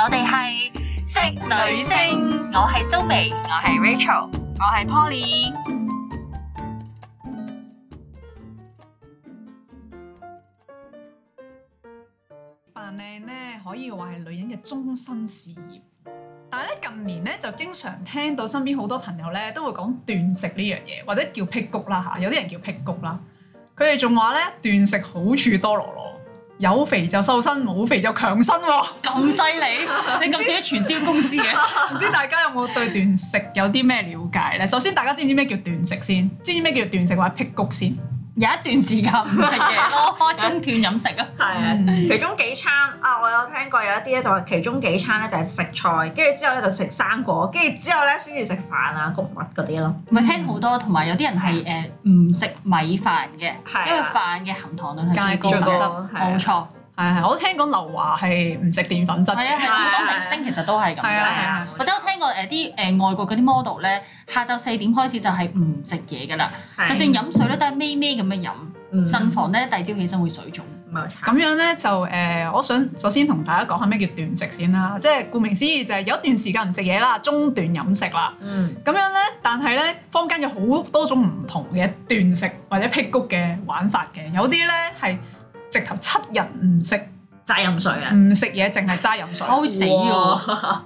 我哋係職女聲，女性我係蘇眉，我係 Rachel，我係 Polly。扮靚咧可以話係女人嘅終身事業，但係咧近年咧就經常聽到身邊好多朋友咧都會講斷食呢樣嘢，或者叫辟谷啦吓，有啲人叫辟谷啦，佢哋仲話咧斷食好處多羅。有肥就瘦身，冇肥就強身，哦，咁犀利！ 你咁似啲傳銷公司嘅，唔 知大家有冇對斷食有啲咩了解咧？首先，大家知唔知咩叫斷食先？知唔知咩叫斷食或者辟谷先？有一段時間唔食嘢咯，間 斷飲食咯，係啊的。 其中幾餐啊，我有聽過有一啲咧，就係其中幾餐咧就係食菜，跟住之後咧就食生果，跟住之後咧先至食飯啊、谷物嗰啲咯。唔係聽好多，同埋有啲人係誒唔食米飯嘅，的因為飯嘅含糖量係最高嘅，冇錯。係係，我聽講劉華係唔食澱粉質，係啊，好、啊、多明星其實都係咁樣。或者我聽過誒啲誒外國嗰啲 model 咧，下晝四點開始就係唔食嘢噶啦，是啊、就算飲水咧都係咩咩咁樣飲，慎、嗯、防咧第二朝起身會水腫。咁沒錯 樣咧就誒、呃，我想首先同大家講下咩叫斷食先啦，即、就、係、是、顧名思義就係有一段時間唔食嘢啦，中斷飲食啦。咁、嗯、樣咧，但係咧，坊間有好多種唔同嘅斷食或者辟谷嘅玩法嘅，有啲咧係。直頭七日唔食，齋飲水啊！唔食嘢，淨係齋飲水，會死喎！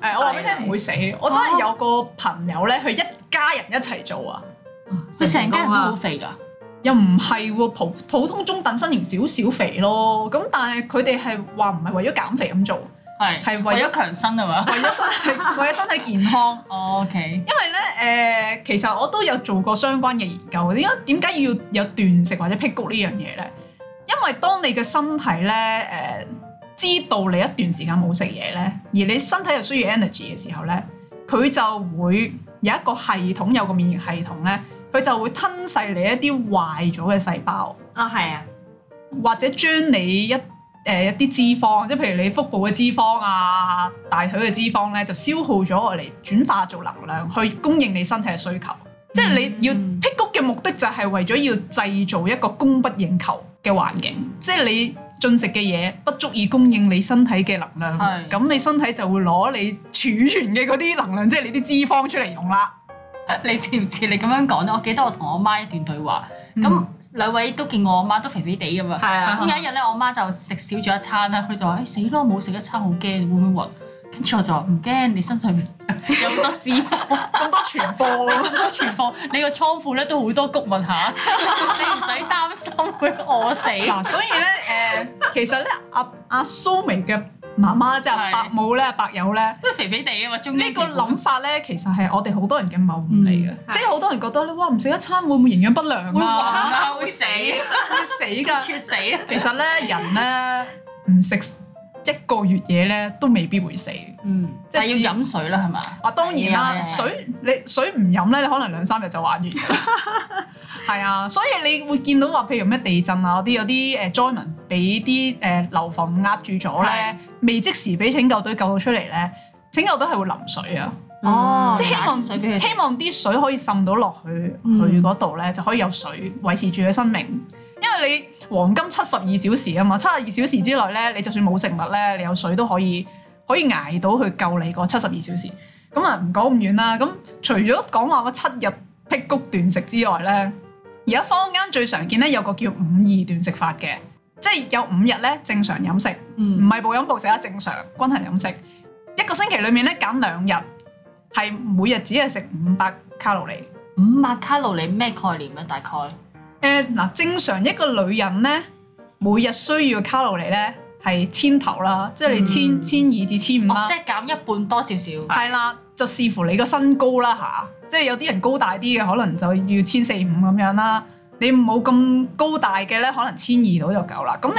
欸、我話俾你聽唔會死，我真係有個朋友咧，佢一家人一齊做啊，佢、哦、成家人都好肥㗎，又唔係喎，普普通中等身型少少肥咯，咁但係佢哋係話唔係為咗減肥咁做，係係為咗強身吖嘛？為咗身為咗身體健康。O、okay. K，因為咧誒、呃，其實我都有做過相關嘅研究，點解點解要有斷食或者辟谷呢樣嘢咧？因為當你嘅身體咧，誒、呃、知道你一段時間冇食嘢咧，而你身體又需要 energy 嘅時候咧，佢就會有一個系統，有個免疫系統咧，佢就會吞噬你一啲壞咗嘅細胞。啊，係啊，或者將你一誒、呃、一啲脂肪，即係譬如你腹部嘅脂肪啊、大腿嘅脂肪咧，就消耗咗嚟轉化做能量，去供應你身體嘅需求。嗯、即係你要辟谷嘅目的就係為咗要製造一個供不應求。嘅環境，即係你進食嘅嘢不足以供應你身體嘅能量，咁是你身體就會攞你儲存嘅嗰啲能量，即係 你啲脂肪出嚟用啦。你似唔似你咁樣講咧？我記得我同我媽一段對話，咁、嗯、兩位都見我，我媽都肥肥地㗎嘛，係啊。咁有一日咧，我媽就食少咗一餐啦，佢就話：誒死咯，冇食一餐好驚，會唔會暈？錯咗，唔驚，你身上面有好多脂肪，咁多存貨，咁多存貨，你個倉庫咧都好多谷物下，你唔使擔心會餓死。嗱，所以咧，誒，其實咧阿阿蘇眉嘅媽媽即係白母咧，白友咧，都肥肥哋啊嘛。呢個諗法咧，其實係我哋好多人嘅謬誤嚟嘅，即係好多人覺得咧，哇，唔食一餐會唔會營養不良啊？會死，會死噶，猝死。其實咧，人咧唔食。一個月嘢咧，都未必會死。嗯，即是但要飲水啦，係咪？啊，當然啦，的水你的水唔飲咧，你可能兩三日就玩完。係啊， 所以你會見到話，譬如咩地震啊，嗰啲有啲誒災民俾啲誒樓房壓住咗咧，未的即時俾拯救隊救到出嚟咧，拯救隊係會淋水啊。哦、嗯，即係希望水，希望啲水可以滲到落去去嗰度咧，就可以有水維持住佢生命。因為你黃金七十二小時啊嘛，七十二小時之內咧，你就算冇食物咧，你有水都可以可以捱到去救你個七十二小時。咁啊，唔講咁遠啦。咁除咗講話個七日辟谷斷食之外咧，而家坊間最常見咧，有個叫五二斷食法嘅，即係有五日咧，正常飲食，唔係暴飲暴食啦，正常均衡飲食。一個星期裏面咧，揀兩日係每日只係食五百卡路里，五百卡路里咩概念咧、啊？大概？誒嗱，uh, 正常一個女人咧，每日需要卡路里咧係千頭啦，即係你千、嗯、千二至千五啦。即係減一半多少少。係啦，就視乎你個身高啦吓、啊，即係有啲人高大啲嘅，可能就要千四五咁樣啦。你唔好咁高大嘅咧，可能千二到就夠啦。咁、嗯、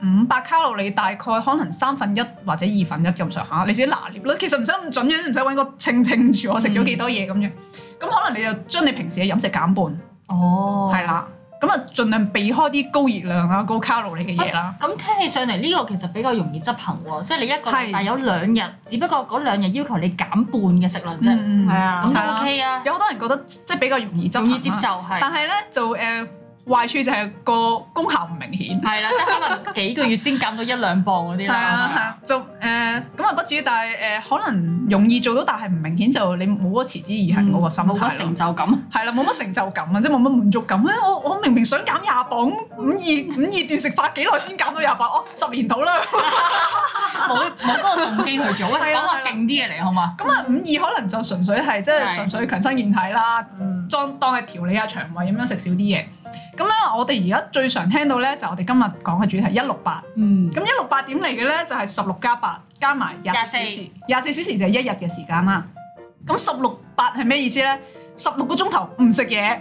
你誒五百卡路里大概可能三分一或者二分一咁上下，你自己拿捏啦。其實唔使咁準嘅，你唔使揾個稱稱住我食咗幾多嘢咁、嗯、樣。咁可能你就將你平時嘅飲食減半。哦，係啦、oh.，咁啊，儘量避開啲高熱量啊、高卡路里嘅嘢啦。咁、啊、聽起上嚟呢個其實比較容易執行喎，即係你一個禮拜有兩日，的只不過嗰兩日要求你減半嘅食量啫，係啊、嗯，咁 OK 啊，有好多人覺得即係比較容易執行，容易接受係，但係咧就誒。呃。壞處就係個功效唔明顯，係啦，即係可能幾個月先減到一兩磅嗰啲啦，就誒咁啊，呃、不至於，但係誒、呃、可能容易做到，但係唔明顯就你冇咗持之以恆嗰個心態冇乜、嗯、成就感，係啦、 啊，冇乜成就感啊，即係冇乜滿足感啊、哎！我我明明想減廿磅，五二五二斷食法幾耐先減到廿八？我、哦、十年到啦，冇冇嗰個動機去做，講個勁啲嘢嚟好嘛？咁 啊五二、 啊、可能就純粹係即係純粹，純粹強身健體啦，裝 是當係調理下腸胃咁樣食少啲嘢。咁咧，我哋而家最常聽到咧，就我哋今日講嘅主題一六八。嗯，咁一六八點嚟嘅咧，就係十六加八加埋廿四小時，廿四小時就係一日嘅時間啦。咁十六八係咩意思咧？十六個鐘頭唔食嘢，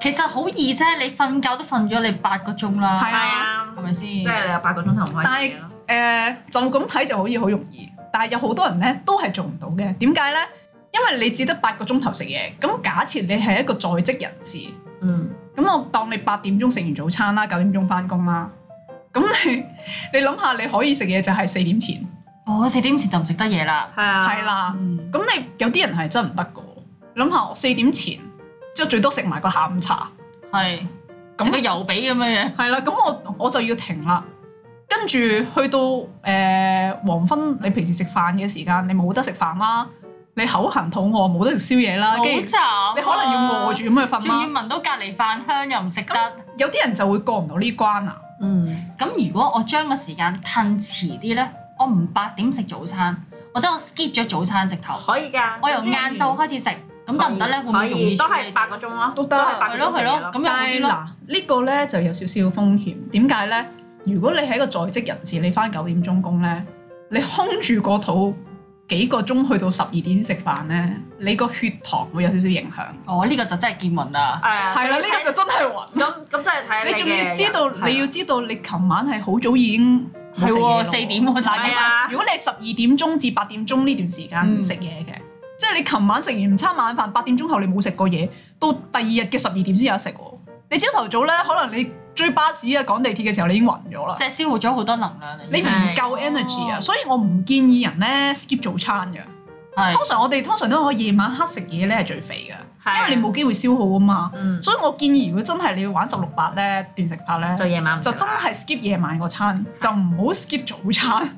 其實好易啫、啊。你瞓覺都瞓咗你八個鐘啦，係啊，係咪先？即係你八個鐘頭唔食嘢咯。但係誒、呃，就咁睇就可以好容易，但係有好多人咧都係做唔到嘅。點解咧？因為你只得八個鐘頭食嘢。咁假設你係一個在職人士，嗯。咁我當你八點鐘食完早餐啦，九點鐘返工啦。咁你你諗下，你可以食嘢就係四點前。哦，四點前就唔食得嘢啦。係啊，係啦的。咁、嗯、你有啲人係真唔得噶。諗下四點前，即係最多食埋個下午茶。係是。食那個又比咁嘅嘢。係啦，咁我我就要停啦。跟住 去到誒、呃、黃昏，你平時食飯嘅時間，你冇得食飯啦。你口痕肚餓，冇得食宵夜啦，跟住你可能要餓住咁去瞓啦。仲要聞到隔離飯香又唔食得，有啲人就會過唔到呢關啊。嗯，咁如果我將個時間褪遲啲咧，我唔八點食早餐，或者我 skip 咗早餐，直頭可以㗎。我由晏晝開始食，咁得唔得咧？可以，都係八個鐘咯，都得。係咯係咯，咁但係嗱，呢個咧就有少少風險。點解咧？如果你係一個在職人士，你翻九點鐘工咧，你空住個肚幾個鐘去到十二點食飯呢，你個血糖會有少少影響。哦，呢、這個就真係見暈啦，係啊、哎呀，係啦的，呢個就真係暈咁咁，真係睇你仲要知道，哎、呀你要知道你琴晚係好早已經係喎四點喎，呀如果你係十二點鐘至八點鐘呢段時間食嘢嘅，嗯、即係你琴晚食完餐晚飯，八點鐘後你冇食過嘢，到第二日嘅十二點先有得食喎。你朝頭早呢，可能你。追巴士啊！趕地鐵嘅時候你已經暈咗啦，即係消耗咗好多能量。你唔是夠 energy 啊、哦，所以我唔建議人咧 skip 早餐嘅。是通常我哋通常都可以夜晚黑食嘢咧，係最肥嘅，啊、因為你冇機會消耗啊嘛。嗯、所以我建議如果真係你要玩十六八咧斷食法咧，就夜晚就真係 skip 夜晚個餐，就唔好 skip 早餐。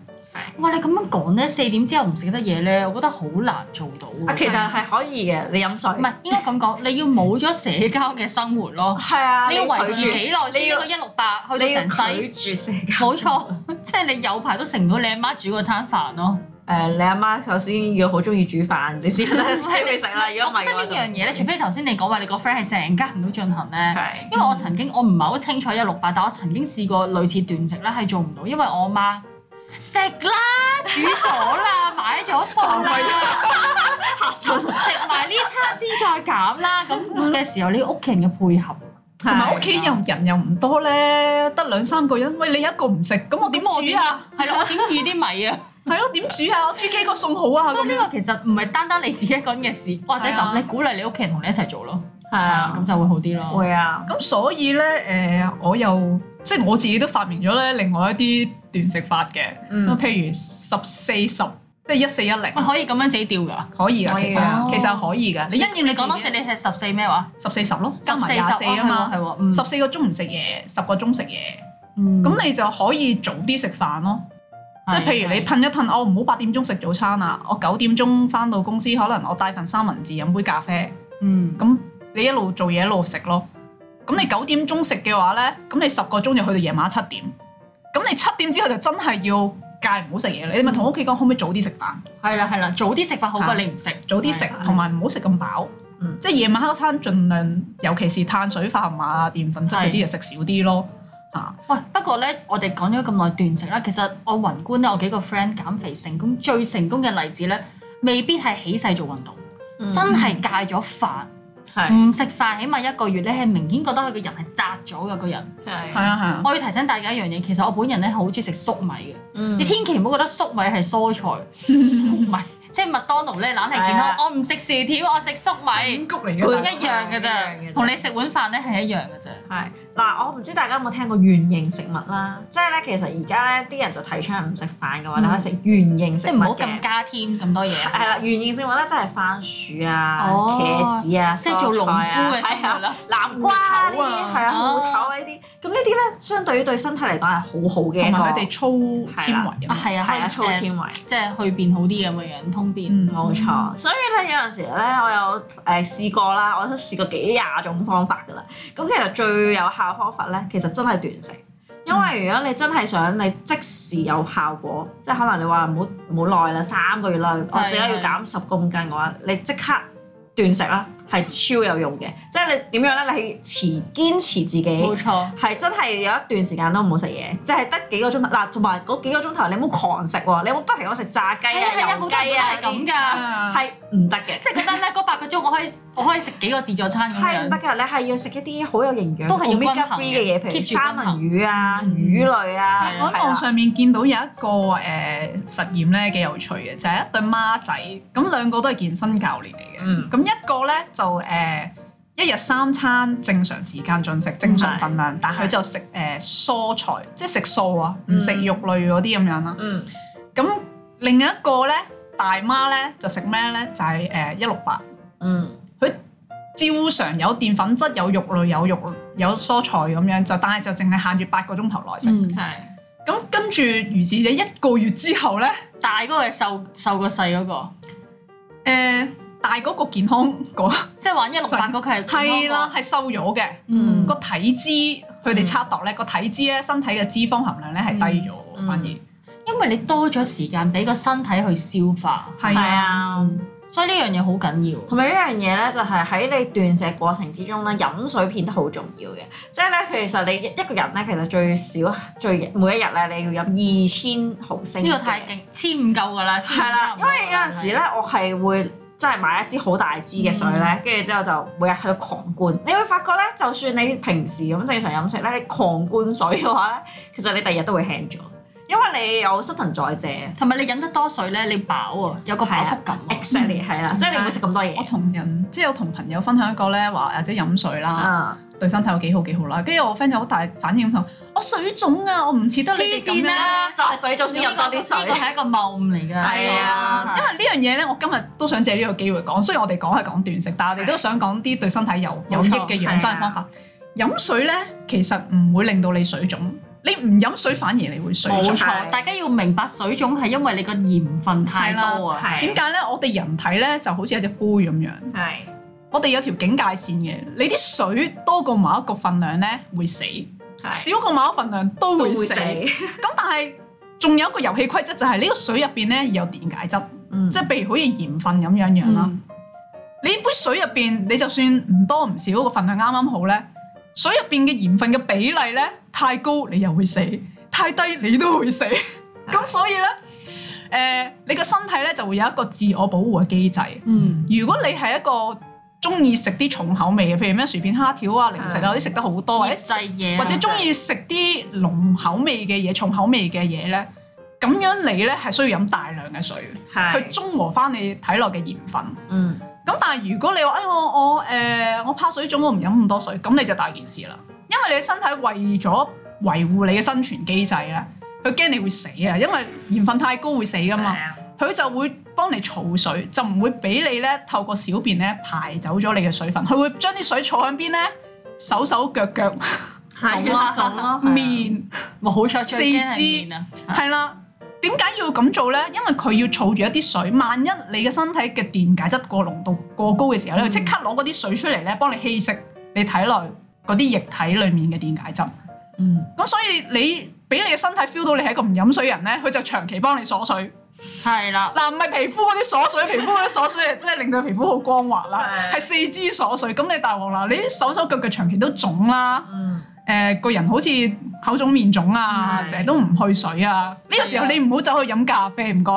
哇！你咁樣講咧，四點之後唔食得嘢咧，我覺得好難做到。其實係可以嘅，你飲水唔係應該咁講，你要冇咗社交嘅生活咯。係啊，你要維持幾耐先？呢個一六八去到成世？你要拒絕社交。冇錯，即係你有排都食唔到你阿媽，媽煮嗰餐飯咯。誒、呃，你阿媽首先要好中意煮飯，你先。啦，都俾食啦。如果唔係我覺得呢樣嘢咧，除非頭先你講話你個 friend 係成家人都進行咧，的因為我曾經我唔係好清楚一六八，但我曾經試過類似斷食咧，係做唔到，因為我阿媽。食啦，煮咗啦，買咗餸啦，食埋呢餐先再減啦。咁嘅時候，你屋企人嘅配合，同埋屋企又人又唔多咧，得兩三個人。喂你一個唔食，咁我點我煮啊？係咯，我點煮啲米啊？係咯，點煮啊？我煮幾個餸好啊？所以呢個其實唔係單單你自己一個人嘅事，或者咁，你鼓勵你屋企人同你一齊做咯。係啊，咁就會好啲咯。會啊。咁所以咧，誒，我又即係我自己都發明咗咧，另外一啲，斷食法嘅，咁譬如十四十，即係一四一零。可以咁樣自己調噶？可以噶，其實其實可以嘅。你因為你講當時你係十四咩話？十四十咯，加埋廿四啊嘛，係喎。十四個鐘唔食嘢，十個鐘食嘢，咁你就可以早啲食飯咯。即係譬如你褪一褪，我唔好八點鐘食早餐啊，我九點鐘翻到公司，可能我帶份三文治，飲杯咖啡。嗯，咁你一路做嘢一路食咯。咁你九點鐘食嘅話咧，咁你十個鐘就去到夜晚七點。咁你七點之後就真係要戒唔好食嘢。你咪同屋企講，可唔可以早啲食飯？係啦、嗯，係啦，早啲食飯好過你唔食。的早啲食，同埋唔好食咁飽。的嗯、即係夜晚黑餐盡，儘量尤其是碳水化合物啊、澱粉質嗰啲嘢食少啲咯。嚇喂，不過呢，我哋講咗咁耐斷食啦，其實我宏觀呢，我幾個 friend 減肥成功最成功嘅例子呢，未必係起勢做運動，嗯、真係戒咗飯。唔食是飯，起碼一個月你係明顯覺得佢個人係窄咗嘅個人。係是，係啊，係啊。我要提醒大家一樣嘢，其實我本人咧好中意食粟米嘅。嗯，你千祈唔好覺得粟米係蔬菜， 粟米。即係麥當勞咧，攬係健康。我唔食薯條，我食粟米。燕谷嚟嘅，唔一樣嘅咋，同你食碗飯咧係一樣嘅啫。係嗱，我唔知大家有冇聽過圓形食物啦？即係咧，其實而家咧啲人就提倡唔食飯嘅話，大家食圓形食物即唔好咁加添咁多嘢。係啦，圓形食物咧，即係番薯啊、茄子啊、即係做農夫嘅食物啊、南瓜呢啲係啊、芋頭呢啲。咁呢啲咧，相對於對身體嚟講係好好嘅一個。同埋佢哋粗纖維啊，係啊係啊，粗纖維即係去便好啲咁嘅樣。方便冇錯，所以咧有陣時咧，我有誒試過啦，我都試過幾廿種方法噶啦。咁其實最有效方法咧，其實真係斷食，因為如果你真係想你即時有效果，即係可能你話唔好耐啦，三個月啦，我自己要減十公斤嘅話，你即刻斷食啦。係超有用嘅，即係你點樣咧？你係持堅持自己，冇錯，係真係有一段時間都唔好食嘢，就係得幾個鐘頭嗱，同埋嗰幾個鐘頭你唔好狂食喎，你唔好不停咁食炸雞啊、油雞啊咁㗎，係唔得嘅。即係覺得咧嗰八個鐘我可以我可以食幾個自助餐，係唔得嘅。你係要食一啲好有營養、都係要均衡嘅嘢，譬如三文魚啊、魚類啊。我喺網上面見到有一個誒實驗咧幾有趣嘅，就係一對孖仔，咁兩個都係健身教練嚟嘅，咁一個咧就。就誒、呃、一日三餐正常時間進食，正常分量，嗯、但佢就食誒、呃、蔬菜，即係食素啊，唔食肉類嗰啲咁樣啦、啊。嗯，咁另一個咧大媽咧就食咩咧？就係誒一六八。呃、嗯，佢照常有澱粉質，有肉類，有肉，有蔬菜咁樣，就但係就淨係限住八個鐘頭內食。嗯，咁跟住如此者一個月之後咧，大嗰個係瘦瘦過細嗰、嗰個、呃但係嗰個健康即係玩一六八個佢係啦，係瘦咗嘅個體脂，佢哋測度咧個、嗯、體脂咧身體嘅脂肪含量咧係低咗、嗯、反而，因為你多咗時間俾個身體去消化係啊，啊所以呢樣嘢好緊要。同埋一樣嘢咧，就係喺你斷食過程之中咧，飲水片都好重要嘅。即係咧，其實你一個人咧，其實最少最每一日咧，你要飲二千毫升。呢個太勁，千唔夠噶啦，係啦的，因為有陣時咧，我係會。真係買一支好大支嘅水咧，跟住之後就每日喺度狂灌。你會發覺咧，就算你平時咁正常飲食咧，你狂灌水嘅話咧，其實你第二日都會輕咗，因為你有新陳代謝。同埋你飲得多水咧，你飽啊，有個飽腹感。Exactly，係啊，即係你唔會食咁多嘢。我同人即係我同朋友分享一個咧話，或者飲水啦。嗯對身體有幾好幾好啦，跟住我 friend 有好大反應咁講，我水腫啊，我唔似得你咁樣。黐線啦，就係水腫先飲多啲水。呢個係一個謬誤嚟㗎。係啊，因為呢樣嘢咧，我今日都想借呢個機會講。雖然我哋講係講斷食，但係我哋都想講啲對身體有有益嘅養生方法。飲水咧，其實唔會令到你水腫，你唔飲水反而你會水腫。冇錯，大家要明白水腫係因為你個鹽分太多啊。點解咧？我哋人體咧就好似一隻杯咁樣。係。我哋有條警戒線嘅，你啲水多過某一個分量咧會死，是少過某一份量都會死。咁會 但係仲有一個遊戲規則就係、是、呢個水入邊咧有電解質，嗯、即係譬如好似鹽分咁樣樣啦。嗯、你杯水入邊你就算唔多唔少個分量啱啱好咧，水入邊嘅鹽分嘅比例咧太高你又會死，太低你都會死。咁、嗯、 所以咧，誒、呃、你個身體咧就會有一個自我保護嘅機制。嗯，如果你係一個。中意食啲重口味嘅，譬如咩薯片、蝦條啊、零食啊，啲食的得好多，嘢的，或者中意食啲濃口味嘅嘢、重口味嘅嘢咧，咁樣你咧係需要飲大量嘅水，的去中和翻你體內嘅鹽分。嗯，咁但係如果你話誒、哎、我我、呃、我怕水腫，我唔飲咁多水，咁你就大件事啦，因為你身體為咗維護你嘅生存機制咧，佢驚你會死啊，因為鹽分太高會死㗎嘛，佢的就會。幫你儲水就唔會俾你咧透過小便咧排走咗你嘅水分，佢會將啲水儲喺邊咧手手腳腳，係啦，面，冇、啊、四肢，係啦、啊。點解、啊、要咁做咧？因為佢要儲住一啲水，萬一你嘅身體嘅電解質過濃度過高嘅時候咧，佢即、嗯、刻攞嗰啲水出嚟咧幫你稀釋你體內嗰啲液體裡面嘅電解質。嗯，咁所以你俾你嘅身體 feel 到你係一個唔飲水人咧，佢就長期幫你鎖水。係啦，嗱唔係皮膚嗰啲鎖水，皮膚嗰啲鎖水真係令到皮膚好光滑啦。係的四肢鎖水，咁你大王啦，你啲手手腳腳長期都腫啦，誒、嗯呃、個人好似口腫面腫啊，成日的都唔去水啊，呢的個時候你唔好走去飲咖啡，唔該。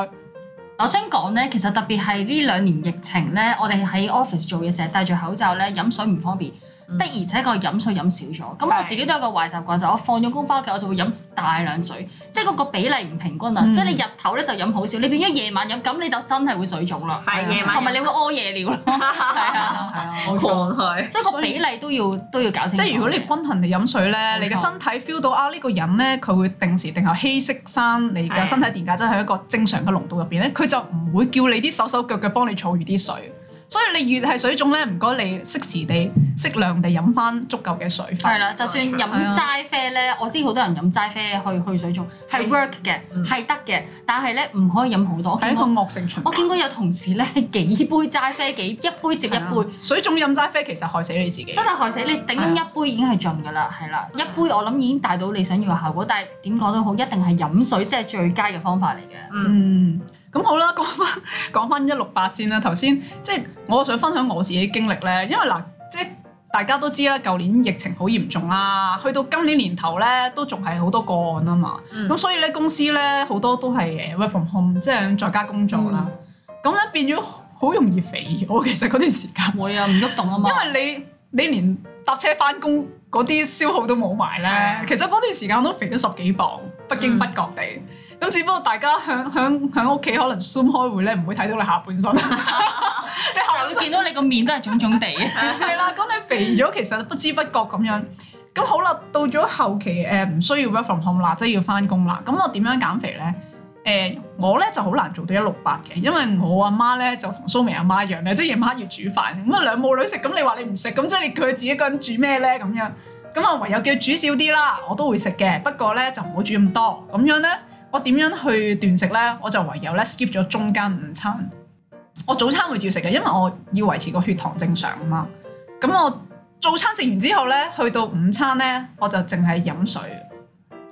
我想講咧，其實特別係呢兩年疫情咧，我哋喺 office 做嘢成日戴住口罩咧，飲水唔方便。的而且確飲水飲少咗，咁我自己都有個壞習慣，就我放咗工翻屋企，我就會飲大量水，即係嗰個比例唔平均啊！即係你日頭咧就飲好少，你變咗夜晚飲，咁你就真係會水腫啦，夜晚，同埋你會屙夜尿咯，係啊，係啊，狂去，所以個比例都要都要搞清楚。即係如果你均衡地飲水咧，你嘅身體 feel 到啊呢個飲咧佢會定時定候稀釋翻你嘅身體電解質喺一個正常嘅濃度入邊咧，佢就唔會叫你啲手手腳腳幫你儲住啲水。所以你越係水腫咧，唔該你適時地適量地飲翻足夠嘅水分。係啦，就算飲齋啡咧，我知好多人飲齋啡去去水腫，係 work 嘅，係得嘅。但係咧唔可以飲好多，係一個惡性循環。我見過有同事咧幾杯齋啡，幾一杯接一杯。吧水腫飲齋啡其實害死你自己。真係害死你，頂一杯已經係盡㗎啦，係啦，吧一杯我諗已經達到你想要嘅效果。但係點講都好，一定係飲水先係最佳嘅方法嚟嘅。嗯。咁好啦，講翻講翻一六八先啦。頭先即係我想分享我自己經歷咧，因為嗱，即係大家都知啦，舊年疫情好嚴重啦，去到今年年頭咧都仲係好多個案啊嘛。咁、嗯、所以咧公司咧好多都係 work from home，即係在家工作啦。咁咧、嗯、變咗好容易肥。我其實嗰段時間，會呀唔喐動啊嘛。因為你你連搭車翻工嗰啲消耗都冇埋咧。嗯、其實嗰段時間都肥咗十幾磅，不經不覺地。嗯咁只不過大家喺喺喺屋企可能 Zoom 開會咧，唔會睇到你下半身， 你可能見到你個面都係腫腫地係啦。 咁你肥咗其實不知不覺咁樣咁好啦。到咗後期誒唔、呃、需要 work from home 啦，即係要翻工啦。咁我點樣減肥咧？誒、呃、我咧就好難做到一六八嘅，因為我阿媽咧就同蘇明阿媽一樣咧，即係夜晚要煮飯咁啊兩母女食咁。你話你唔食咁即係佢自己一個人煮咩咧咁樣咁啊？唯有叫煮少啲啦，我都會食嘅，不過咧就唔好煮咁多咁樣咧。我點樣去斷食呢？我就唯有咧 skip 咗中間午餐。我早餐會照食嘅，因為我要維持個血糖正常啊嘛。咁我早餐食完之後呢，去到午餐呢，我就淨係飲水，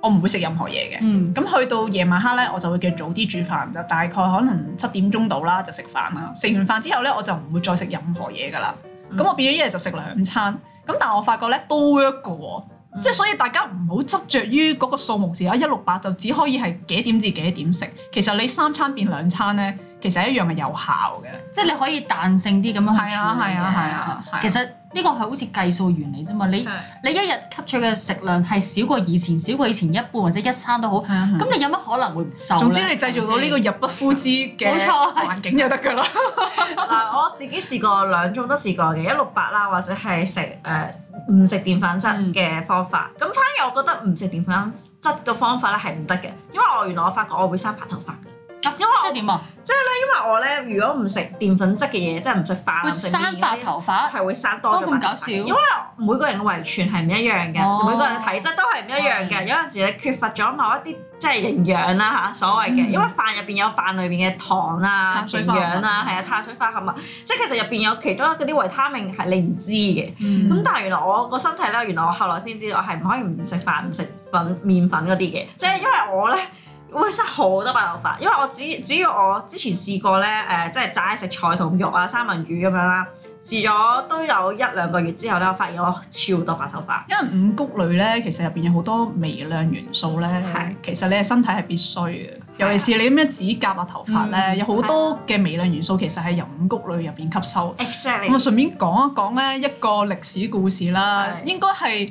我唔會食任何嘢嘅。咁、嗯、去到夜晚黑呢，我就會叫早啲煮飯，就大概可能七點鐘到啦，就食飯啦。食完飯之後呢，我就唔會再食任何嘢噶啦。咁、嗯、我變咗一日就食兩餐。咁但係我發覺呢，都 work 嘅喎。即係、嗯、所以大家唔好執着於嗰個數目字啊，一六八就只可以係幾點至幾點食。其實你三餐變兩餐咧，其實一樣係有效嘅。嗯、即係你可以彈性啲咁樣去處理嘅。係啊係啊係啊，啊啊啊其實。呢個係好似計數原理啫嘛，你你一日吸取嘅食量係少過以前，少過以前一半或者一餐都好，咁、嗯嗯、你有乜可能會唔瘦咧？總之你製造到呢個入不敷支嘅環境就得㗎啦。嗱 我自己試過兩種都試過嘅，一六八啦，或者係食誒唔食澱粉質嘅方法。咁、嗯、反而我覺得唔食澱粉質嘅方法咧係唔得嘅，因為我原來我發覺我會生白頭髮㗎。因為即點啊？即係咧，因為我咧，如果唔食澱粉質嘅嘢，即係唔食飯、食麪咧，係會生白頭髮，係會生多咗。咁搞笑！因為每個人嘅遺傳係唔一樣嘅，每個人嘅體質都係唔一樣嘅。有陣時你缺乏咗某一啲即係營養啦嚇，所謂嘅，因為飯入邊有飯裏邊嘅糖啊、營養啦，係啊碳水化合物，即係其實入邊有其中一啲維他命係你唔知嘅。咁但係原來我個身體咧，原來我後來先知我係唔可以唔食飯、唔食粉、麪粉嗰啲嘅。即係因為我咧。會塞好多白頭髮，因為我只只要我之前試過咧，誒、呃，即係齋食菜同肉啊、三文魚咁樣啦，試咗都有一兩個月之後咧，我發現我超多白頭髮。因為五穀類咧，其實入邊有好多微量元素咧，係是其實你嘅身體係必須嘅，尤其是你咩指甲啊、頭髮咧，啊、有好多嘅微量元素其實係由五穀類入邊吸收。e 咁啊，順便講一講咧一個歷史故事啦，是應該係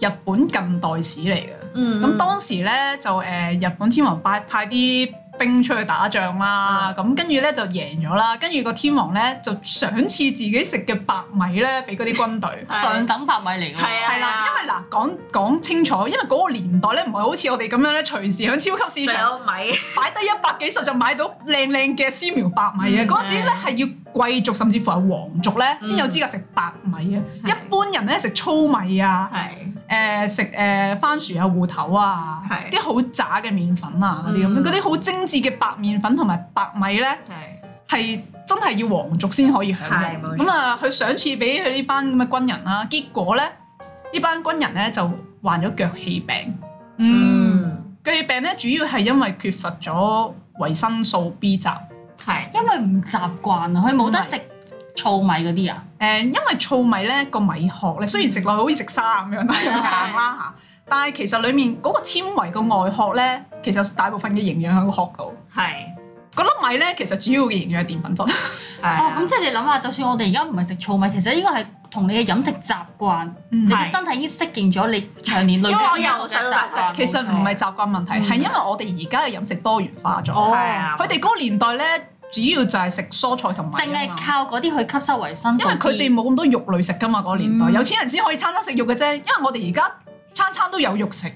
日本近代史嚟嘅。咁、嗯嗯、當時咧就誒日本天皇派派啲兵出去打仗啦，咁、嗯嗯、跟住咧就贏咗啦，跟住個天皇咧就賞賜自己食嘅白米咧俾嗰啲軍隊，嗯嗯 上等白米嚟 係啊，係啦，因為嗱講講清楚，因為嗰個年代咧唔係好似我哋咁樣咧，隨時喺超級市場擺低有 一百幾十就買到靚靚嘅絲苗白米嘅。嗰陣、嗯、時咧係要貴族甚至乎係皇族咧先有資格食白米啊，嗯嗯、一般人咧食糙米啊。 誒食誒番薯啊芋頭啊，啲好渣嘅麵粉啊嗰啲咁，嗰啲好、嗯、精緻嘅白麵粉同埋白米咧，係是真係要皇族先可以享用。咁啊、嗯，佢賞賜俾佢呢班咁嘅軍人啦，結果咧呢班軍人咧就患咗腳氣病。嗯，嗯腳氣病咧主要係因為缺乏咗維生素 B 集，係因為唔習慣啊，佢冇得食。糙米嗰啲啊？誒，因為糙米咧個米殼咧，雖然食落去好似食沙咁樣啦，啦嚇，但係其實裡面嗰個纖維個外殼咧，其實大部分嘅營養喺個殼度。係。嗰粒米咧，其實主要嘅營養係澱粉質。係啊。哦，咁即係你諗下，就算我哋而家唔係食糙米，其實呢個係同你嘅飲食習慣，你嘅身體已經適應咗你長年累月嘅飲食習慣。其實唔係習慣問題，係因為我哋而家嘅飲食多元化咗。哦。佢哋嗰個年代咧。主要就係食蔬菜同埋，淨係靠嗰啲去吸收維生素。因為佢哋冇咁多肉類食㗎嘛，嗰年代有錢人先可以餐餐食肉嘅啫。因為我哋而家餐餐都有肉食，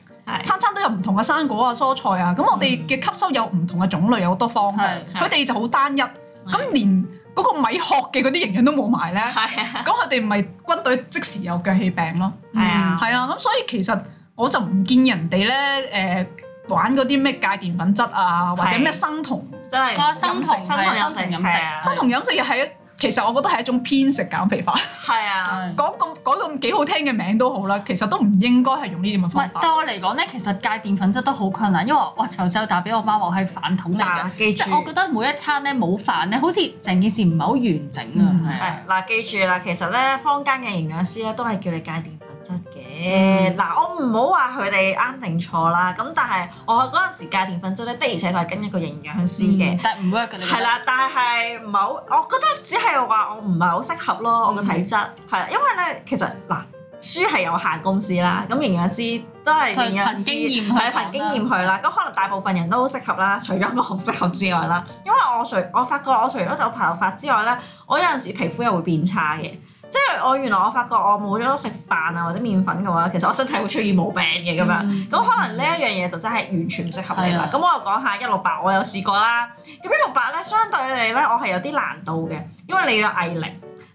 餐餐都有唔同嘅生果啊、蔬菜啊。咁我哋嘅吸收有唔同嘅種類，有好多方法。佢哋就好單一。咁連嗰個米殼嘅嗰啲營養都冇埋咧，咁佢哋唔係軍隊即時有腳氣病咯。係啊，係啊，咁所以其實我就唔建議人哋咧誒。玩嗰啲咩戒澱粉質啊，或者咩生酮，個生酮生酮飲食，生酮飲食又係其實我覺得係一種偏食減肥法。係啊的，講咁講咁幾好聽嘅名都好啦，其實都唔應該係用呢啲咁嘅方法。但我嚟講咧，其實戒澱粉質都好困難，因為我，我，我有打俾我媽話係飯桶嚟嘅，即係、啊、我覺得每一餐咧冇飯咧，好似成件事唔係好完整啊。係嗱、嗯、的記住啦，其實咧坊間嘅營養師咧都係叫你戒澱。嘅，嗱、嗯、我唔好話佢哋啱定錯啦，咁但係我嗰陣時戒澱粉質咧，的而且確係跟一個營養師嘅、嗯，但唔 work 㗎，係啦，但係唔好，我覺得只係話我唔係好適合咯，我個體質係、嗯，因為咧其實嗱，書係有限公司啦，咁營養師都係營養師，係憑經驗去啦，咁可能大部分人都好適合啦，除咗我唔適合之外啦，因為我除我發覺我除咗有頭髮之外咧，我有陣時皮膚又會變差嘅。即係我原來我發覺我冇咗食飯啊或者麪粉嘅話，其實我身體會出現毛病嘅咁、嗯、樣。咁、嗯、可能呢一樣嘢就真係完全唔適合你啦。咁、嗯、我又講下一六八，我有試過啦。咁一六八咧，相對你咧，我係有啲難度嘅，因為你要毅力。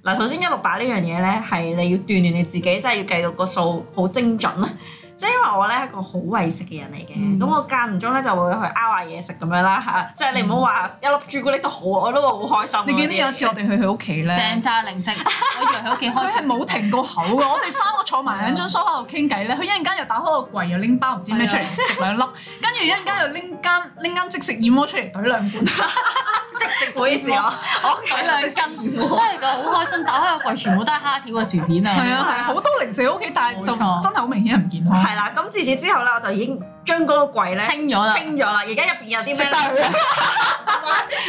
嗱，首先一六八呢樣嘢咧，係你要鍛鍊你自己，真係要計到個數好精準啦。即係因為我咧係一個好為食嘅人嚟嘅，咁我間唔中咧就會去拗下嘢食咁樣啦嚇。即係你唔好話一粒朱古力都好，我都會好開心。你記唔記得有次我哋去佢屋企咧，成扎零食，我以為佢屋企開，佢冇停過口嘅。我哋三個坐埋喺張梳化度傾偈咧，佢一陣間又打開個櫃又拎包唔知咩出嚟食兩粒，跟住一陣間又拎間拎間即食燕窩出嚟懟兩罐。唔好意思，啊 果，我睇起身， 果真係就好開心。 打開個櫃，全部都係蝦條嘅薯片啊，係 啊係，好、啊、多零食喺屋企，但係就錯真係好明顯唔健康。係啦、 啊，咁自此之後咧，我就已經。將嗰個櫃咧清咗啦，清咗啦，而家入邊有啲咩？食晒佢啦！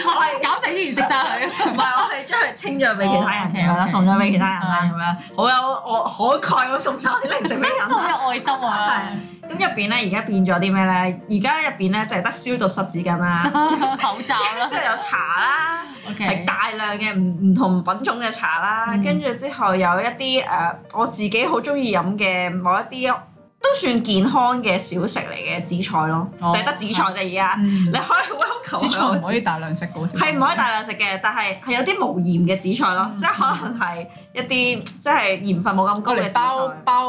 我係減肥之前食晒佢，唔係我係將佢清咗俾其他人啦，送咗俾其他人啦，咁樣好有我好慷慨，我送晒啲零食俾人好有愛心喎！咁入邊咧，而家變咗啲咩咧？而家入邊咧就係得消毒濕紙巾啦、口罩啦，即係有茶啦，係大量嘅唔唔同品種嘅茶啦，跟住之後有一啲誒我自己好中意飲嘅某一啲。都算健康嘅小食嚟嘅紫菜咯，就係得紫菜啫而家，你可以 welcome 紫菜唔可以大量食嗰時。係唔可以大量食嘅，但係係有啲無鹽嘅紫菜咯，即係可能係一啲即係鹽分冇咁高嘅包包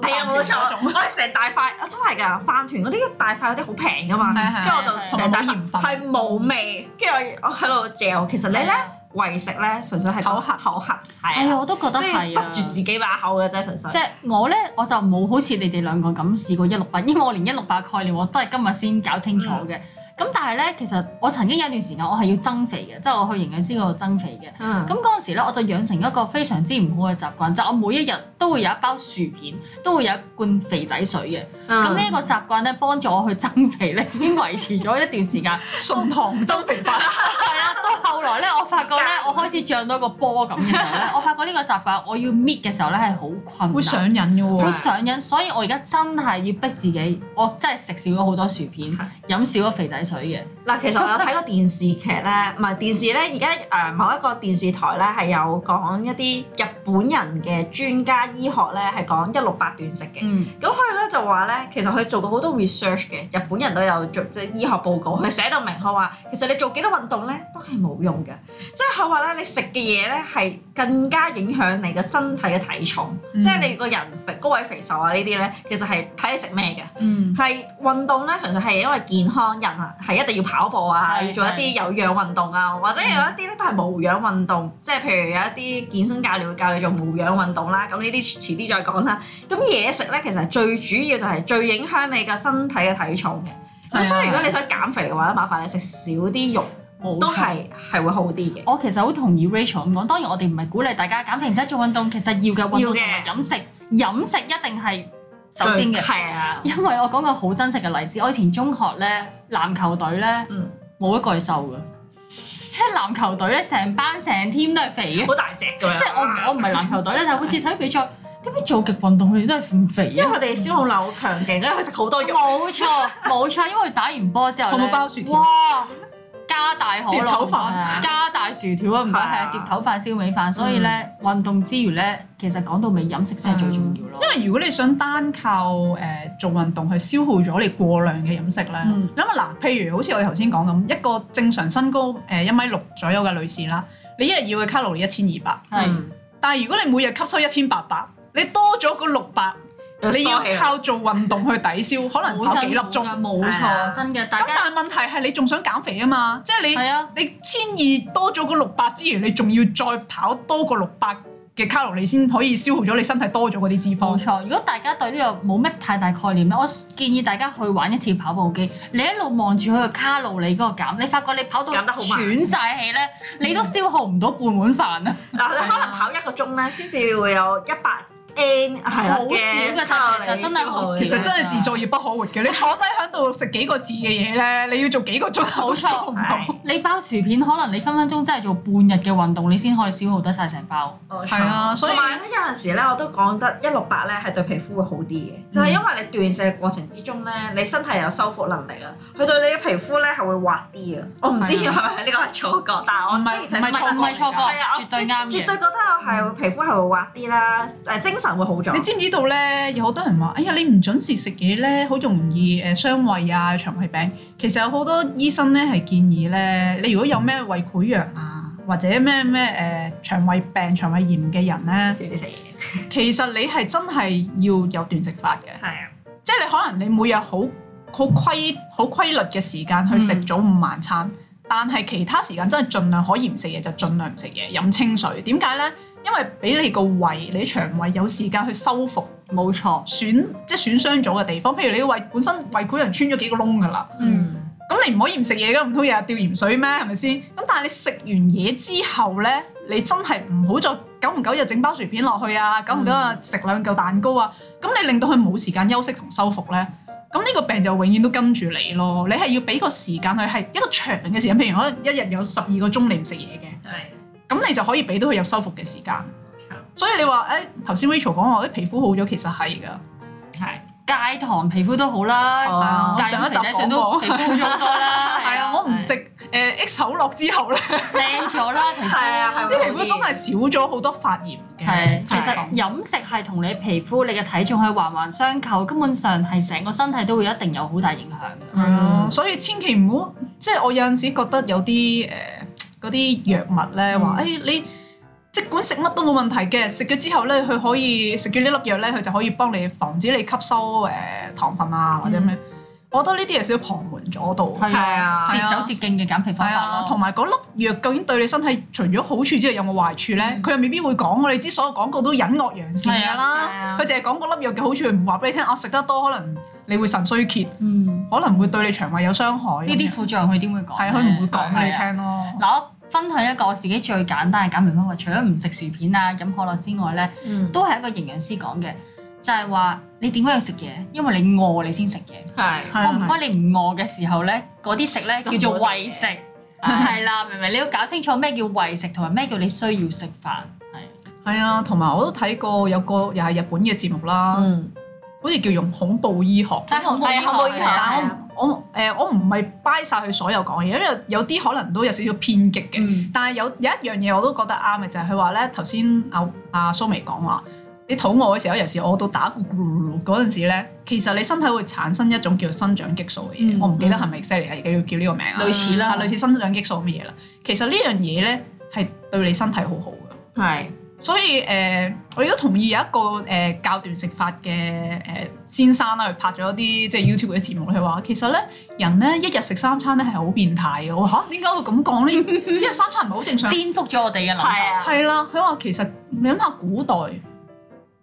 係啊，冇錯，我成大塊，真係㗎，飯團嗰啲一大塊嗰啲好平㗎嘛，跟住我就成大塊係冇味，跟住我喺度嚼，其實你咧。為食咧，純粹係口痕口痕，係啊，我都覺得係，即係塞住自己把口嘅啫，純粹。即係我咧，我就冇好似你哋兩個咁試過一六八，因為我連一六八嘅概念我都係今日先搞清楚嘅。嗯。咁但係咧，其實我曾經有一段時間我係要增肥嘅，即係我去營養師嗰度增肥嘅。嗯。咁嗰陣時咧，我就養成一個非常之唔好嘅習慣，就我每一日都會有一包薯片，都會有一罐肥仔水嘅。嗯。咁呢一個習慣咧，幫助我去增肥咧，已經維持咗一段時間。 送糖增肥法。係啊， 到後來咧，我發覺咧，我開始漲到個波咁嘅時候咧，我發覺呢個 發覺個習慣我要搣嘅時候咧係好困難。會上癮㗎喎！好上癮，所以我而家真係要逼自己，我真係食少咗好多薯片，Okay. 飲少咗肥仔水嘅嗱，其實我有睇過電視劇咧，唔係 電視咧，而家誒某一個電視台咧係有講一啲日本人嘅專家醫學咧係講一六八斷食嘅，咁佢咧就話咧，其實佢做過好多 research 嘅，日本人都有做即係、就是、醫學報告，佢寫到明，佢話其實你做幾多運動咧都係冇用嘅，即係佢話咧你食嘅嘢咧係更加影響你嘅身體嘅體重，嗯、即係你個人肥高矮肥瘦啊呢啲咧其實係睇你食咩嘅，係、嗯、運動咧純粹係因為健康人啊。係一定要跑步啊，要做一啲有氧運動啊，或者有一啲咧都係無氧運動，即係是譬如有一啲健身教練會教你做無氧運動啦。咁呢啲遲啲再講啦。咁嘢食咧，其實最主要就係最影響你個身體嘅體重嘅。咁是所以如果你想減肥嘅話咧，麻煩你食少啲肉，錯都係係會好啲嘅。我其實好同意 Rachel 咁講。當然我哋唔係鼓勵大家減肥唔使做運動，其實要嘅運動同飲食，的飲食一定係。首先嘅，係啊，因為我講個好真實嘅例子，我以前中學咧籃球隊咧，冇、嗯、一個係瘦嘅，即係籃球隊咧成班成 team 都係肥嘅，好大隻㗎、啊，即係我我唔係籃球隊咧， 但係好似睇比賽點解做極運動佢哋都係肥？因為佢哋消耗量好強勁，因為佢食好多肉錯。冇錯冇錯，因為打完波之後哇！加大可樂，加大薯條啊！唔係，係碟頭飯、燒味飯。所以咧，運動之餘咧，其實講到尾飲食先係最重要咯。因為如果你想單靠誒做運動去消耗咗你過量嘅飲食咧，咁啊嗱，譬如好似我哋頭先講咁，一個正常身高誒一米六左右嘅女士啦，你一日要嘅卡路里一千二百，係，但係如果你每日吸收一千八百，你多咗個六百。你要靠做運動去抵消， 可能跑幾粒鐘，冇錯，真嘅。咁但係問題係你仲想減肥啊嘛，即係你係、啊、你千二多咗個六百之餘，你仲要再跑多個六百嘅卡路里先可以消耗咗你身體多咗嗰啲脂肪。冇錯，如果大家對呢個冇乜太大概念咧，我建議大家去玩一次跑步機，你一路望住佢個卡路里嗰個減，你發覺你跑到減得好慢，喘晒氣咧，你都消耗唔到半碗飯 啊！嗱，你可能跑一個鐘咧，先至會有一百。N 係好少嘅，其實真係其實真係自作孽不可活嘅。你坐低喺度食幾個字嘅嘢咧，你要做幾個鐘頭嘅運動。你包薯片可能你分分鐘真係做半日嘅運動，你先可以消耗得晒成包。係啊，同埋有陣時咧，我都講得一六八咧係對皮膚會好啲嘅，就係因為你斷食嘅過程之中咧，你身體有修復能力啊，佢對你嘅皮膚咧係會滑啲啊。我唔知係咪喺呢個係錯覺？但係我唔係唔係錯覺，絕對啱嘅。絕對覺得我係皮膚係會滑啲啦，誒你知唔知道咧？有好多人話：哎呀，你唔準時食嘢咧，好容易誒傷胃啊、腸胃病。其實有好多醫生咧係建議咧，你如果有咩胃潰瘍啊，或者咩咩誒腸胃病、腸胃炎嘅人咧，少啲食嘢。 其實你係真係要有斷食法嘅。係啊，即係你可能你每日好好規好規律嘅時間去食早午晚餐，嗯、但係其他時間真係盡量可以唔食嘢就盡量唔食嘢，飲清水。點解咧？因為俾你個胃、你腸胃有時間去修復，冇錯，損即係損傷咗嘅地方。譬如你個胃本身胃管人穿咗幾個窿㗎啦，咁、嗯、你唔可以唔食嘢㗎，唔通日日吊鹽水咩？係咪先？咁但係你食完嘢之後咧，你真係唔好再久唔久日整包薯片落去啊，久唔久啊食兩嚿蛋糕啊，咁、嗯、你令到佢冇時間休息同修復咧，咁呢個病就永遠都跟住你咯。你係要俾個時間佢係一個長嘅時間，譬如可能一日有十二個鐘你唔食嘢嘅。咁你就可以俾到佢有修復嘅時間。所以你話，誒頭先 Rachel 講話啲皮膚好咗，其實係㗎。係戒糖皮膚都好啦，上一集講都皮膚好咗啦。係啊，我唔食誒 X 手落之後咧，靚咗啦。係啊，啲皮膚真係少咗好多發炎嘅。係，其實飲食係同你皮膚、你嘅體重係環環相扣，根本上係成個身體都會一定有好大影響。係啊，所以千祈唔好，即係我有陣時覺得有啲誒。嗰啲藥物咧話，誒你即管食乜都冇問題嘅，食咗之後咧，佢可以食咗呢粒藥咧，佢就可以幫你防止你吸收誒糖分啊，或者咩？我覺得呢啲係少旁門左道，係啊，捷走捷徑嘅減肥方法同埋嗰粒藥究竟對你身體除咗好處之外，有冇壞處咧？佢又未必會講你知所有廣告都隱惡揚善㗎啦，佢淨係講嗰粒藥嘅好處，唔話俾你聽。我食得多可能你會腎衰竭，可能會對你腸胃有傷害。呢啲副作用佢點會講？係佢唔會講俾你聽咯。嗱。分享一個我自己最簡單嘅減肥方法，除咗唔食薯片啊、飲可樂之外咧，都係一個營養師講嘅，就係話你點解要食嘢？因為你餓，你先食嘢。係。我唔該你唔餓嘅時候咧，嗰啲食咧叫做餵食，係啦，明唔明？你要搞清楚咩叫餵食同埋咩叫你需要食飯。係。係啊，同埋我都睇過有個又係日本嘅節目啦，好似叫用恐怖醫學。但係恐怖醫學。我誒、呃、我唔係掰晒佢所有講嘢，因為有啲可能都有少少偏激嘅。嗯、但係有有一樣嘢我都覺得啱嘅，就係佢話咧頭先阿阿蘇眉講話，你肚餓嘅時候，尤其係餓到打咕嗰陣時咧，其實你身體會產生一種叫做生長激素嘅嘢，嗯嗯，我唔記得係咪犀利啊，而家要叫呢個名啊，類似啦、嗯，類似生長激素咁嘅嘢啦。其實呢樣嘢咧係對你身體好好嘅、嗯。係。所以誒、呃，我亦都同意有一個誒、呃、教斷食法嘅誒、呃、先生啦，佢拍咗一啲即係 YouTube 嘅節目，佢話其實咧，人咧一日食三餐咧係好變態嘅。我嚇，點解會咁講咧？呢 一日三餐唔係好正常。顛覆咗我哋嘅諗法。係啦，佢話其實你諗下古代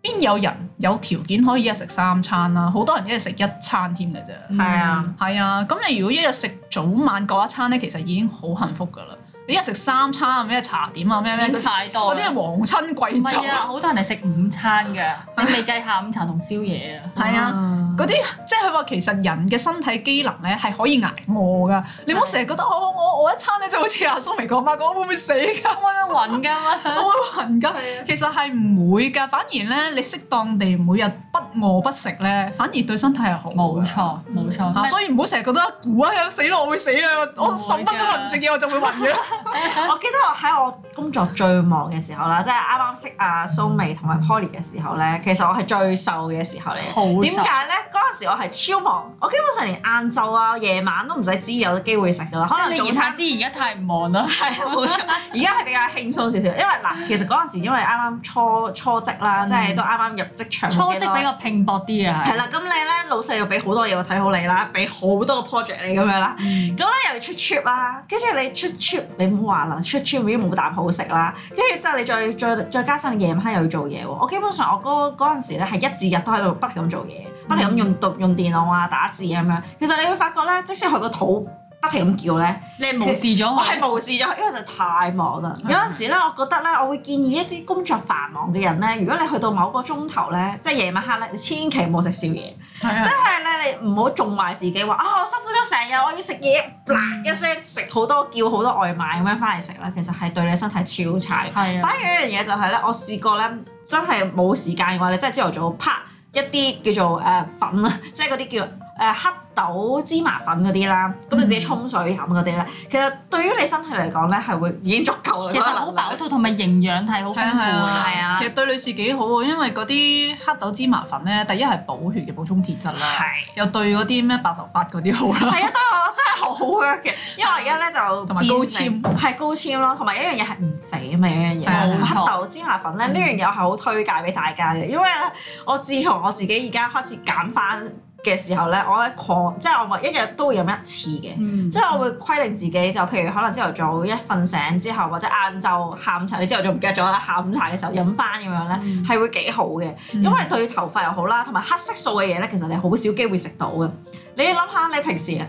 邊有人有條件可以一日食三餐啦？好多人一日食一餐添㗎啫。係啊，係啊、嗯，咁你如果一日食早晚各一餐咧，其實已經好幸福㗎啦。你一日食三餐啊，咩茶點啊咩咩都太多，嗰啲係皇親貴臣。唔係 啊，好多人係食午餐嘅， 你未計下午茶同宵夜 啊。係啊。嗰啲即係佢話，其實、啊就是、人嘅身體機能咧係可以挨餓噶。你唔好成日覺得是的 我我我一餐咧就好似阿蘇眉講埋我會唔會死㗎？會唔會暈㗎？我會暈㗎？其實係唔會㗎。反而咧，你適當地每日不餓不食咧，反而對身體係好。冇錯，冇錯、啊。嗯、所以唔好成日覺得鼓啊，死啦！我會死㗎！我十分鐘唔食嘢我就會暈嘅。 我記得我喺我工作最忙嘅時候啦，即係啱啱識阿蘇眉同埋 Polly 嘅時候咧，其實我係最瘦嘅時候嚟。點解咧？嗰陣時我係超忙，我基本上連晏晝啊夜晚都唔使知有得機會食噶啦。可能早餐之前而家太唔忙啦，係啊，冇錯。而家係比較輕鬆少少，因為嗱，其實嗰陣時因為啱啱初初職啦，即係都啱啱入職場。初職比較拼搏啲啊，係啦。咁你咧老細又俾好多嘢我睇好你啦，俾好多個 project 你咁樣啦。咁咧又要出 trip 啦，跟住你出 trip 你唔好話啦，出 trip 已經冇啖好食啦。跟住之後你再再再加上夜晚黑又要做嘢喎。我基本上我嗰嗰陣時咧係一至日都喺度不停咁做嘢，不停用用電腦啊，打字咁樣，其實你會發覺咧，即使佢個肚不停咁叫咧，你無視咗，我係無視咗，因為就太忙啦。的有陣時咧，我覺得咧，我會建議一啲工作繁忙嘅人咧，如果你去到某個鐘頭咧，即係夜晚黑咧，你千祈冇食宵夜，即係咧你唔好縱壞自己話啊、哦！我辛苦咗成日，我要食嘢，啪一聲食好多叫好多外賣咁樣翻嚟食咧，其實係對你身體超差的反而有一樣嘢就係咧，我試過咧，真係冇時間嘅話，你真係朝頭早啪。一啲叫做誒、呃、粉啦，即係嗰啲叫，誒黑豆芝麻粉嗰啲啦，咁你自己沖水飲嗰啲咧，其實對於你身體嚟講咧，係會已經足夠啦。其實好飽肚同埋營養係好豐富，係啊。其實對女士幾好喎，因為嗰啲黑豆芝麻粉咧，第一係補血嘅，補充鐵質啦，又對嗰啲咩白頭髮嗰啲好啦。係啊，都係我真係好好 work 嘅，因為而家咧就同埋高纖係高纖咯，同埋一樣嘢係唔肥啊嘛，一樣嘢。黑豆芝麻粉咧呢樣嘢係好推介俾大家嘅，因為咧我自從我自己而家開始減翻嘅時候咧，我一狂即係我咪一日都會飲一次嘅，即係、嗯、我會規定自己就譬如可能朝頭早一瞓醒之後，或者晏晝下午茶你朝頭早唔記得咗，下午茶嘅時候飲翻咁樣咧，係、嗯、會幾好嘅，嗯、因為對頭髮又好啦，同埋黑色素嘅嘢咧，其實你好少機會食到嘅。你諗下，你平時誒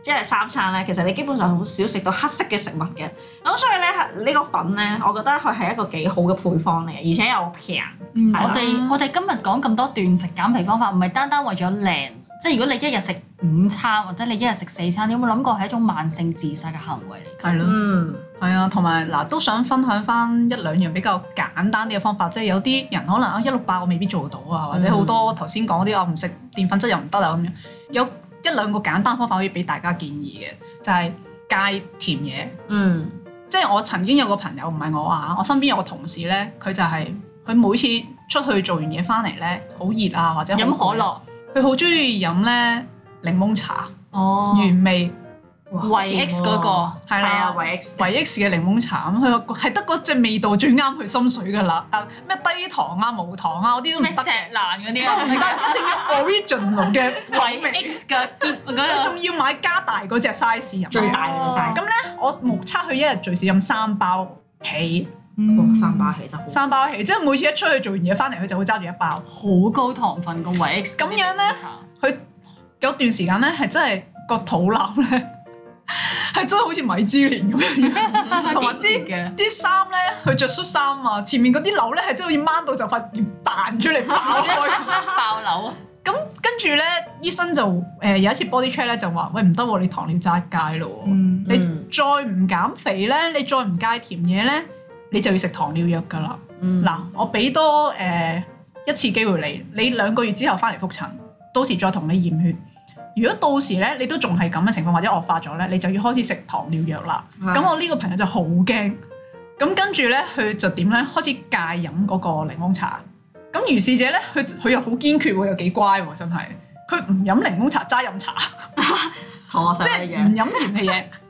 即係三餐咧，其實你基本上好少食到黑色嘅食物嘅，咁所以咧呢、這個粉咧，我覺得佢係一個幾好嘅配方嚟嘅，而且又平、嗯的。我哋我哋今日講咁多斷食減肥方法，唔係單，單單為咗靚。即係如果你一日食五餐或者你一日食四餐，你有冇諗過係一種慢性自殺嘅行為嚟？係咯，嗯，係啊，同埋嗱，都想分享翻一兩樣比較簡單啲嘅方法。即係有啲人可能啊，一六八我未必做到啊，或者好多頭先講啲，我唔食澱粉質又唔得啊咁樣。有一兩個簡單方法可以俾大家建議嘅，就係戒甜嘢。嗯，即係我曾經有個朋友唔係我啊，我身邊有個同事咧，佢就係，佢每次出去做完嘢翻嚟咧，好熱啊或者飲可樂。佢好中意飲咧檸檬茶，oh. 原味維 X 嗰個係啊，維 X 維 X 嘅檸檬茶咁，佢係得嗰隻味道最啱佢心水噶啦。咩、啊、低糖啊無糖啊嗰啲都唔得嘅，石蘭都係得 一定要味、嗰個 original 嘅維 X 嘅 deep。仲要買加大嗰隻 size 飲，最大嘅 size、啊。咁咧我目測佢一日最少飲三包起。多多生、嗯、三包就好，生三包即係每次一出去做完嘢翻嚟，佢就會揸住一包好高糖分嘅維 X 咁樣咧。佢有段時間咧係真係個肚腩咧係真係好似米芝蓮咁樣，同埋啲啲衫咧佢着恤衫啊！前面嗰啲樓咧係真係好似掹到就塊彈出嚟爆開， 爆樓啊！咁跟住咧，醫生就誒有一次 body check 咧就話：喂唔得喎，你糖尿揸一界咯、嗯，你再唔減肥咧，你再唔戒甜嘢咧，你就要食糖尿藥噶啦，嗱、嗯，我俾多誒、呃、一次機會你，你兩個月之後翻嚟復診，到時再同你驗血。如果到時咧你都仲係咁嘅情況或者惡化咗咧，你就要開始食糖尿藥啦。咁、嗯、我呢個朋友就好驚，咁跟住咧佢就點咧，開始戒飲嗰個檸檬茶。咁於是者咧佢佢又好堅決喎，又幾乖喎，真係。佢唔飲檸檬茶，齋飲茶，同 即我食唔飲甜嘅嘢。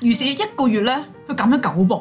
於 是一個月咧，佢減咗九磅，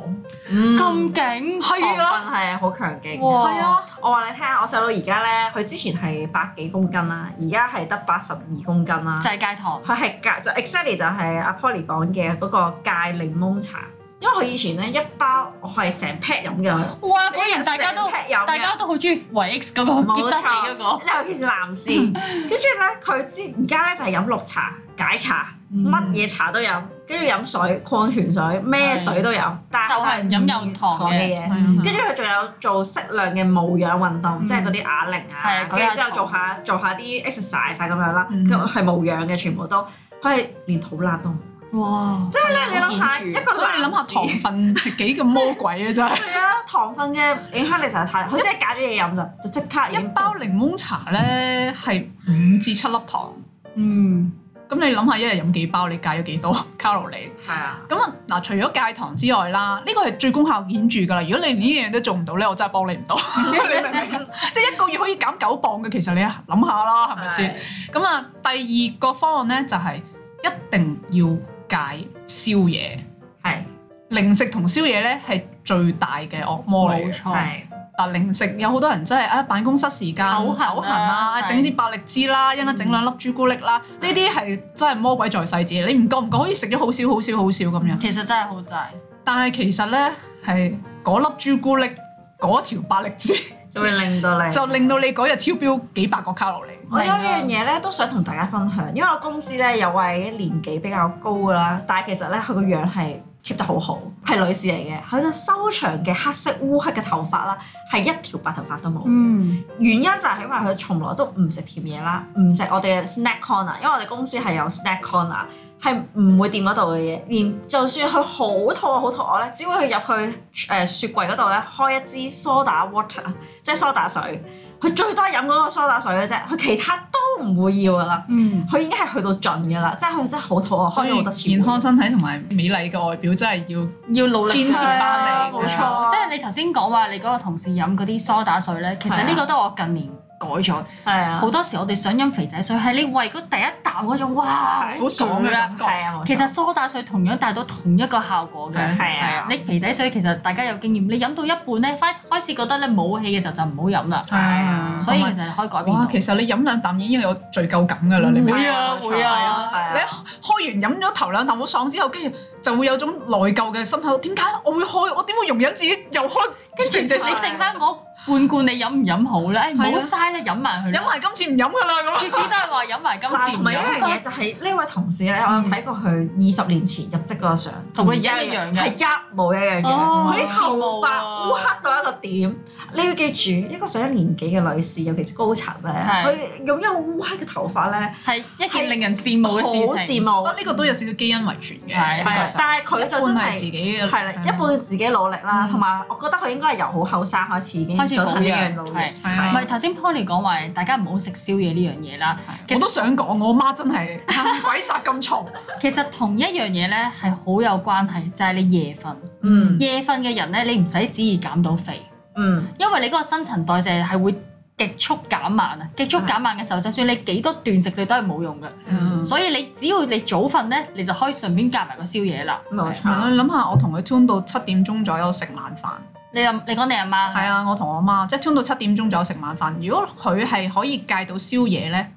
咁勁、嗯，係啊，係啊，好強勁。係啊，我話你聽，我細佬而家咧，佢之前係百幾公斤啦，而家係得八十二公斤啦，就係戒糖，佢係戒就 exactly 就係阿 Paulie 講嘅嗰個戒檸檬茶。因為佢以前咧一包我係成 pack 飲嘅，哇！果然大家都 pack 飲，大家都好中意維 X 嗰個，冇錯，尤其是男士。跟住咧佢之而家咧就係飲綠茶、解茶，乜嘢茶都飲，跟住飲水、礦泉水，咩水都有。但就係唔飲有糖嘅嘢。跟住佢仲有做適量嘅無氧運動，即係嗰啲啞鈴啊，跟住之後做下做下啲 exercise 咁樣啦，咁係無氧嘅，全部都佢係連肚腩都。哇！即係咧，你諗下，一個所以你諗下糖分係幾咁魔鬼啊，真係！係啊，糖分嘅影響力實在太，好似係戒咗嘢飲咋，就即刻一包檸檬茶咧係五至七粒糖。嗯，咁你諗下，一日飲幾包，你戒咗幾多卡路里？係啊。咁啊，嗱，除咗戒糖之外啦，呢個係最功效顯著㗎啦。如果你連呢樣嘢都做唔到咧，我真係幫你唔到。你明唔明？即係一個月可以減九磅嘅，其實你諗下啦，係咪先？咁啊，第二個方案咧就係一定要。戒宵夜，係是零食同宵夜咧，係最大嘅惡魔嚟。係，但零食有好多人真、就、係、是、啊，辦公室時間好口痕啦、啊，整支百力滋啦，一陣整兩粒朱古力啦，呢啲係真係魔鬼在細節。你唔覺唔覺？可以食咗好少、好少、好少咁樣。其實真係好細，但係其實咧係嗰粒朱古力，嗰條百力滋 就會令到你， 就令到你嗰日超標幾百個卡路里。我有一樣嘢咧，都想同大家分享，因為我公司咧有位年紀比較高嘅啦，但係其實咧佢個樣係 keep 得好好，係女士嚟嘅。佢個修長嘅黑色烏黑嘅頭髮啦，係一條白頭髮都冇。嗯、原因就係因為佢從來都唔食甜嘢啦，唔食我哋嘅 snack corner，因為我哋公司係有 snack corner，係唔會掂嗰度嘅嘢。連就算佢好肚餓好肚餓咧，只會去入去誒雪櫃嗰度咧，開一支梳打 water，即係梳打水。佢最多飲嗰個梳打水嘅啫，佢其他都唔會要噶啦。佢、嗯、已經係去到盡噶啦，即係佢真係好肚餓。所以，以健康身體同埋美麗嘅外表真係要要努力堅持翻嚟。冇錯，啊、即係你頭先講話你嗰個同事飲嗰啲梳打水咧，其實呢個都係我近年。改咗，係啊！好多時我哋想飲肥仔水，係你喂嗰第一啖嗰種，哇，好爽嘅感覺。係啊，其實梳打水同樣帶到同一個效果嘅，係啊！啊嗯啊嗯、你肥仔水其實大家有經驗，你飲到一半咧，開開始覺得咧冇氣嘅時候就唔好飲啦。係啊，所以其實可以改變。其實你飲兩啖已經有罪疚感㗎啦，你會啊會啊，啊啊啊啊你開完飲咗頭兩啖好爽之後，跟住就會有種內疚嘅心口。點解我會開？我點會容忍自己又開？跟住就只淨翻我。罐罐你飲唔飲好咧？唔好嘥咧，飲埋佢。飲埋今次唔飲噶啦咁，次次都係話飲埋今次。唔係同埋一樣嘢，就係呢位同事咧，我睇過佢二十年前入職嗰個相，同佢一樣嘅，係一模一樣嘅。佢啲頭髮烏黑到一個點，你要記住，一個上年紀嘅女士，尤其是高層咧，佢擁有烏黑嘅頭髮咧，係一件令人羨慕嘅事。好羨慕。不過呢個都有少少基因遺傳嘅，但係佢就真係係啦，一半自己努力啦，同埋我覺得佢應該係由好後生開始已經。就睇係，唔係頭先 Polly 講話，大家唔好食宵夜呢樣嘢啦。我都想講，我媽真係鬼殺咁嘈。其實同一樣嘢咧，係好有關係，就係你夜瞓。嗯，夜瞓嘅人咧，你唔使旨意減到肥。嗯，因為你嗰個新陳代謝係會極速減慢啊！極速減慢嘅時候，就算你幾多斷食，你都係冇用噶。所以你只要你早瞓咧，你就可以順便夾埋個宵夜啦。冇錯，你諗下，我同佢沖到七點鐘左右食晚飯。你阿你講你阿媽係啊，我同我媽即係衝到七點鐘左右食晚飯。如果佢係可以戒到宵夜咧，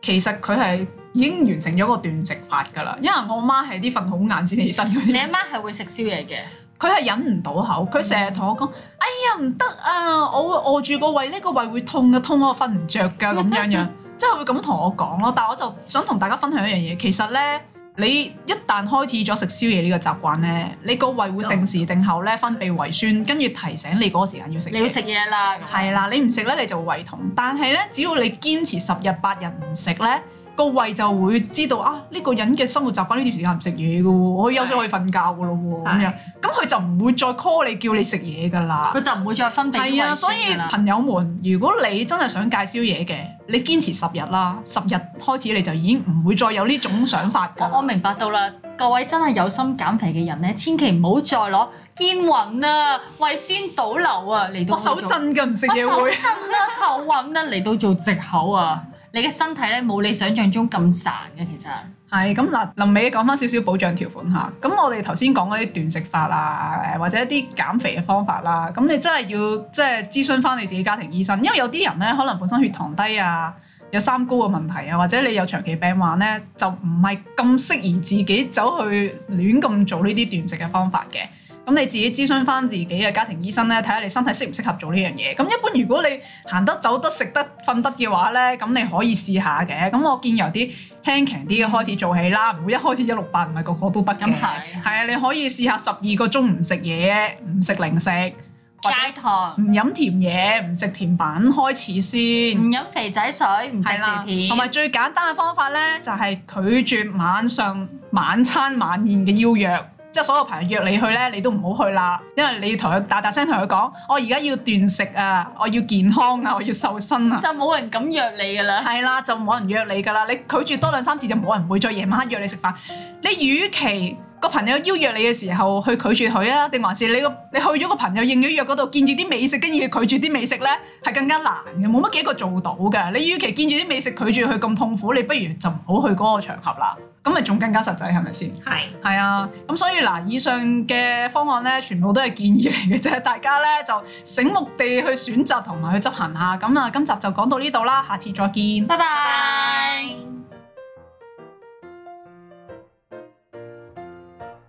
其實佢係已經完成咗個斷食法噶啦。因為我媽係啲瞓好晏先起身啲。你阿媽係會食宵夜嘅？佢係忍唔到口，佢成日同我講：嗯、哎呀唔得啊！我會餓住個胃，呢、呢個胃會痛嘅、啊，痛我瞓唔着噶咁樣 樣。即係會咁同我講咯。但係我就想同大家分享一樣嘢，其實咧。你一旦開始咗食宵夜呢個習慣呢，你個胃會定時定候呢分泌胃酸，跟住提醒你嗰個時間要食嘢。你要食嘢啦，係啦，你唔食呢，你就胃痛。但係呢，只要你堅持十日八日唔食呢。個胃就會知道啊，呢個人嘅生活習慣呢段時間唔食嘢嘅喎，我可以休息可以瞓覺嘅咯喎，咁樣咁佢就唔會再 call 你叫你食嘢嘅啦。佢就唔會再分泌胃酸嘅啦。係啊，所以朋友們，如果你真係想戒宵夜嘅，你堅持十日啦，十日開始你就已經唔會再有呢種想法嘅。我我明白到啦，各位真係有心減肥嘅人咧，千祈唔好再攞健運啊、胃酸倒流啊嚟到。我手震嘅唔食嘢會。我手震啊，頭暈啊嚟到做藉口啊。你嘅身體咧冇你想象中咁孱嘅，其實係咁嗱。臨尾講翻少少保障條款嚇。咁我哋頭先講嗰啲斷食法啊，或者一啲減肥嘅方法啦。咁你真係要即係諮詢翻你自己家庭醫生，因為有啲人咧可能本身血糖低啊，有三高嘅問題啊，或者你有長期病患咧，就唔係咁適宜自己走去亂咁做呢啲斷食嘅方法嘅。咁你自己諮詢翻自己嘅家庭醫生咧，睇下你身體適唔適合做呢樣嘢。咁一般如果你行得走得食得瞓得嘅話咧，咁你可以試下嘅。咁我建議由啲輕強啲嘅開始做起啦，唔會一開始一六八唔係個個都得嘅。係係啊，你可以試下十二個鐘唔食嘢，唔食零食，戒糖，唔飲甜嘢，唔食甜品開始先，唔飲肥仔水，唔食甜，同埋最簡單嘅方法咧就係拒絕晚上晚餐晚宴嘅邀約。即係所有朋友約你去咧，你都唔好去啦，因為你要同佢大大聲同佢講，我而家要斷食啊，我要健康啊，我要瘦身啊，就冇人敢約你噶啦，係啦、啊，就冇人約你噶啦，你拒絕多兩三次就冇人會再夜晚黑約你食飯，你與其，個朋友邀約你嘅時候，去拒絕佢啊？定還是你個你去咗個朋友應咗約嗰度，見住啲美食，跟住佢拒絕啲美食咧，係更加難嘅，冇乜幾個做到嘅。你與其見住啲美食拒絕佢咁痛苦，你不如就唔好去嗰個場合啦。咁咪仲更加實際，係咪先？係係是啊。咁所以嗱，以上嘅方案咧，全部都係建議嚟嘅啫。大家咧就醒目地去選擇同埋去執行下。咁啊，今集就講到呢度啦。下次再見。拜拜。